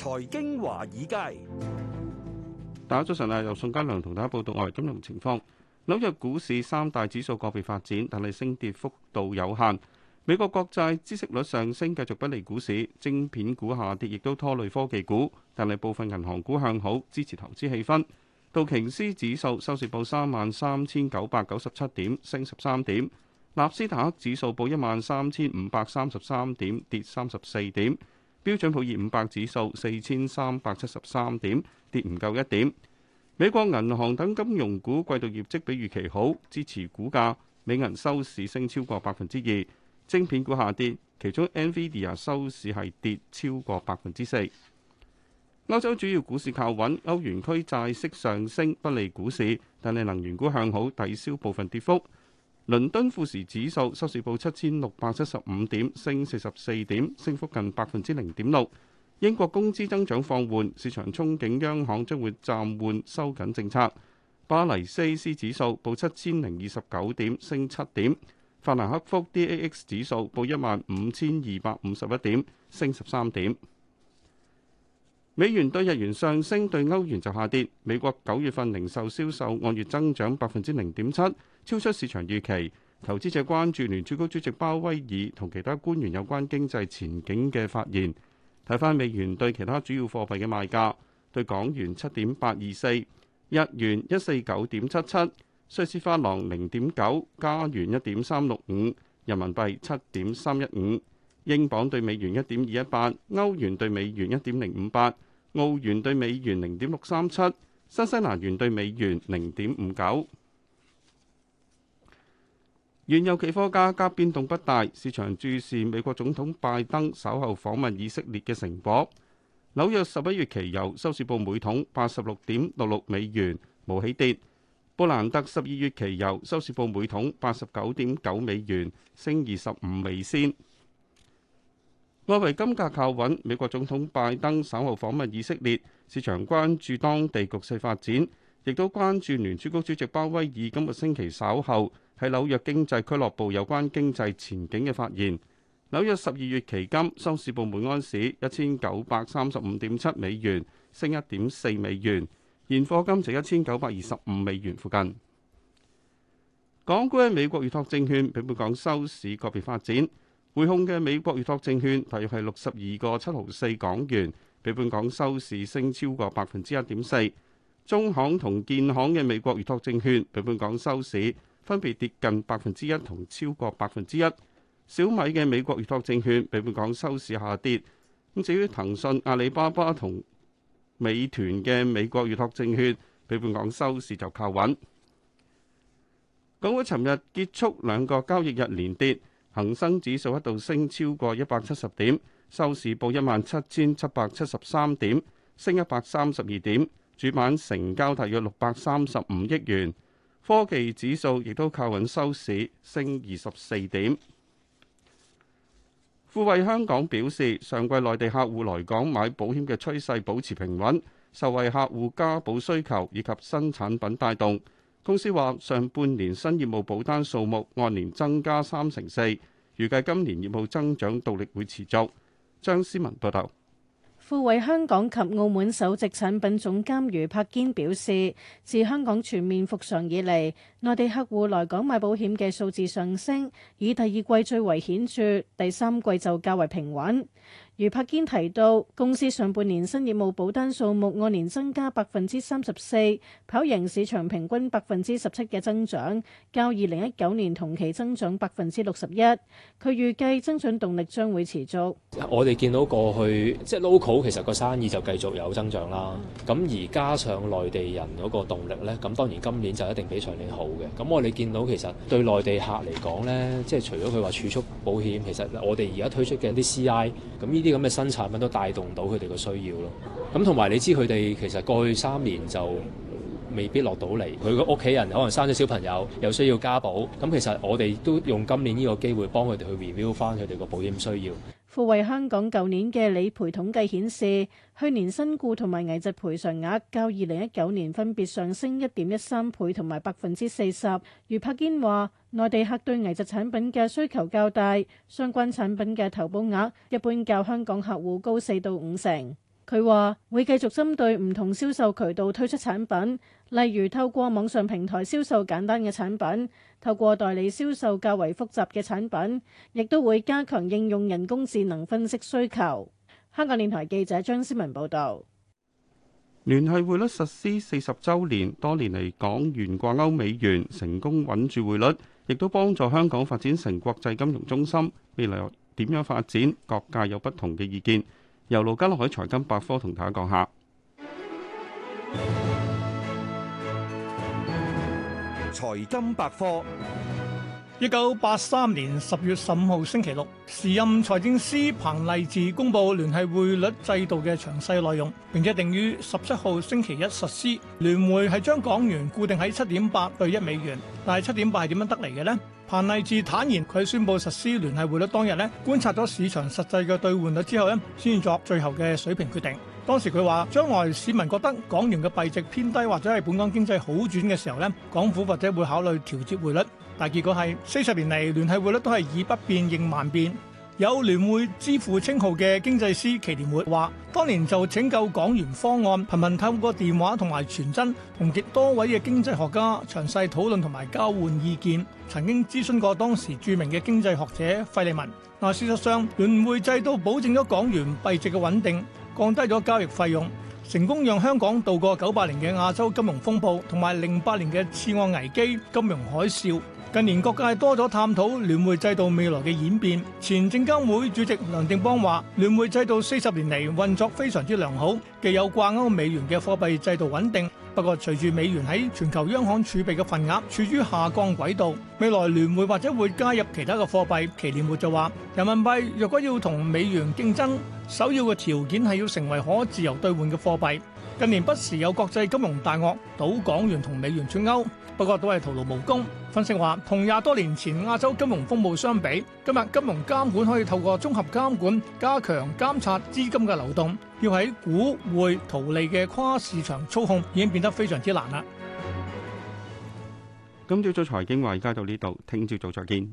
財經華爾街，大家早晨啊！由宋嘉良同大家報道圍外金融情況。紐約股市三大指數個別發展，但係升跌幅度有限。美國國債孳息率上升，繼續不利股市。晶片股下跌，亦都拖累科技股。但係部分銀行股向好，支持投資氣氛。道瓊斯指數收市報三萬三千九百九十七點，升十三點。納斯達克指數報一萬三千五百三十三點，跌三十四點。標準普爾五百指數四千三百七十三點，跌唔夠一點。美國銀行等金融股季,季度業績比預期好，支持股價。美銀收市升超過百分之二。晶片股下跌，其中 Nvidia 收市係跌超過百分之四。歐洲主要股市靠穩，歐元區債息上升不利股市，但係能源股向好抵消部分跌幅。倫敦富時指數收市報七千六百七十五點，升四十四點，升幅近百分之零點六。英國工資增長放緩，市場憧憬央行將會暫緩收緊政策。巴黎 CAC 指數報七千零二十九點，升七點。法蘭克福 DAX 指數報一萬五千二百五十一點，升十三點。美元對日元上升，對歐元就下跌。美國九月份零售銷售銷售按月增長百分之零點七，超出市場預期。投資者關注聯儲局主席鮑威爾同其他官員有關經濟前景嘅發言。睇返美元對其他主要貨幣嘅賣價：對港元七點八二四，日元一四九點七七，瑞士法郎零點九，加元一點三六五，人民幣七點三一五，英鎊對美元一點二一八，歐元對美元一點零五八。澳元兌美元零點六三七，新西蘭元兌美元零點五九。原油期貨價格變動不大，市場注視美國總統拜登稍後訪問以色列嘅成果。紐約十一月期油收市報每桶八十六點六六美元，無起跌。布蘭特十二月期油收市報每桶八十九點九美元，升二十五美仙。外圍金價靠穩，美國總統拜登，稍後訪問以色列，市場關注當地局勢發展，亦都關注聯儲局主席鮑威爾今個星期稍後喺紐約經濟俱樂部有關經濟前景嘅發言。紐約十二月期金收市報每安士一千九百三十五點七美元，升一點四美元，現貨金值一千九百二十五美元附近。港股喺美國預託證券，比本港收市個別發展。匯控嘅美國預託證券大約係六十二個七毫四港元，比本港收市升超過百分之一點四。中行同建行嘅美國預託證券比本港收市分別跌近百分之一同超過百分之一。小米嘅美國預託證券比本港收市下跌。咁至於騰訊、阿里巴巴同美團嘅美國預託證券比本港收市就靠穩。港股尋日結束兩個交易日連跌。恒生指數一度升超過一百七十點，收市報一萬七千七百七十三點，升一百三十二點。主板成交大約六百三十五億元。科技指數亦都靠穩收市，升二十四點。富衛香港表示，上季內地客戶來港買保險嘅趨勢保持平穩，受惠客戶加保需求以及新產品帶動。公司話：上半年新業務保單數目按年增加三成四，預計今年業務增長動力會持續。張思文報道。富衛香港及澳門首席產品總監余柏堅表示，自香港全面復常以嚟，內地客戶來港買保險嘅數字上升，以第二季最為顯著，第三季就較為平穩。余柏堅提到，公司上半年新業務保單數目按年增加百分之三十四，跑贏市場平均百分之十七嘅增長，較二零一九年同期增長百分之六十一。佢預計增長動力將會持續。我哋見到過去即係、就是、local 其實個生意就繼續有增長啦。咁而加上內地人嗰個動力呢，咁當然今年就一定比上年好嘅。咁我哋見到其實對內地客嚟講呢，即係除咗佢話儲蓄保險，其實我哋而家推出嘅啲 CI，咁呢啲。啲咁嘅新產品都帶動到佢哋嘅需要咯。咁同埋你知佢哋其實過去三年就未必落到嚟，佢個屋企人可能生咗小朋友，又需要加保。咁其實我哋都用今年呢個機會幫佢哋去 review 翻佢哋個保險需要。富衛香港舊年嘅理賠統計顯示，去年身故同埋危疾賠償額較二零一九年分別上升一點一三倍同埋百分之四十。余柏堅話：內地客對危疾產品嘅需求較大，相關產品嘅投保額一般較香港客戶高四到五成。佢話會繼續針對唔同銷售渠道推出產品，例如透過網上平台銷售簡單嘅產品，透過代理銷售較為複雜嘅產品，亦都會加強應用人工智能分析需求。香港電台記者張思文報道，聯繫匯率實施四十週年，多年嚟港元掛鈎美元成功穩住匯率，亦都幫助香港發展成國際金融中心。未來點樣發展，各界有不同嘅意見。由盧家洛喺財金百科同大家講下，財金百科。一九八三年十月十五號星期六，時任財政司彭勵治公布聯繫匯率制度嘅詳細內容，並且定於十七號星期一實施。聯會係將港元固定喺七點八對一美元，但係七點八係點樣得嚟嘅呢？彭勵治坦言，佢宣布實施聯繫匯率當日咧，觀察咗市場實際嘅兌換率之後咧，先作最後嘅水平決定。當時佢話，將來市民覺得港元嘅幣值偏低或者係本港經濟好轉嘅時候呢，港府或者會考慮調節匯率。但結果係四十年嚟聯繫匯率都係以不變應萬變。有聯匯之父稱號嘅經濟師祁連活話，當年就拯救港元方案頻頻透過電話同埋傳真同極多位嘅經濟學家詳細討論同埋交換意見，曾經諮詢過當時著名嘅經濟學者佛利民。嗱，事實上聯匯制度保證咗港元幣值嘅穩定，降低咗交易費用，成功讓香港度過九八年嘅亞洲金融風暴同埋零八年嘅次按危機金融海嘯。近年各界多咗探討聯匯制度未來嘅演變。前證監會主席梁定邦話：聯匯制度四十年嚟運作非常之良好，既有掛勾美元嘅貨幣制度穩定。不過隨住美元喺全球央行儲備嘅份額處於下降軌道，未來聯匯或者會加入其他嘅貨幣。祁連活就話：人民幣若果要同美元競爭，首要嘅條件係要成為可自由兌換嘅貨幣。近年不時有國際金融大鱷賭港元同美元串勾，不過都係徒勞無功。分析話，同廿多年前亞洲金融風暴相比，今日金融監管可以透過綜合監管加強監察資金嘅流動，要喺股匯逃利嘅跨市場操控已經變得非常之難啦。今朝早財經話，而家到呢度，聽朝早再見。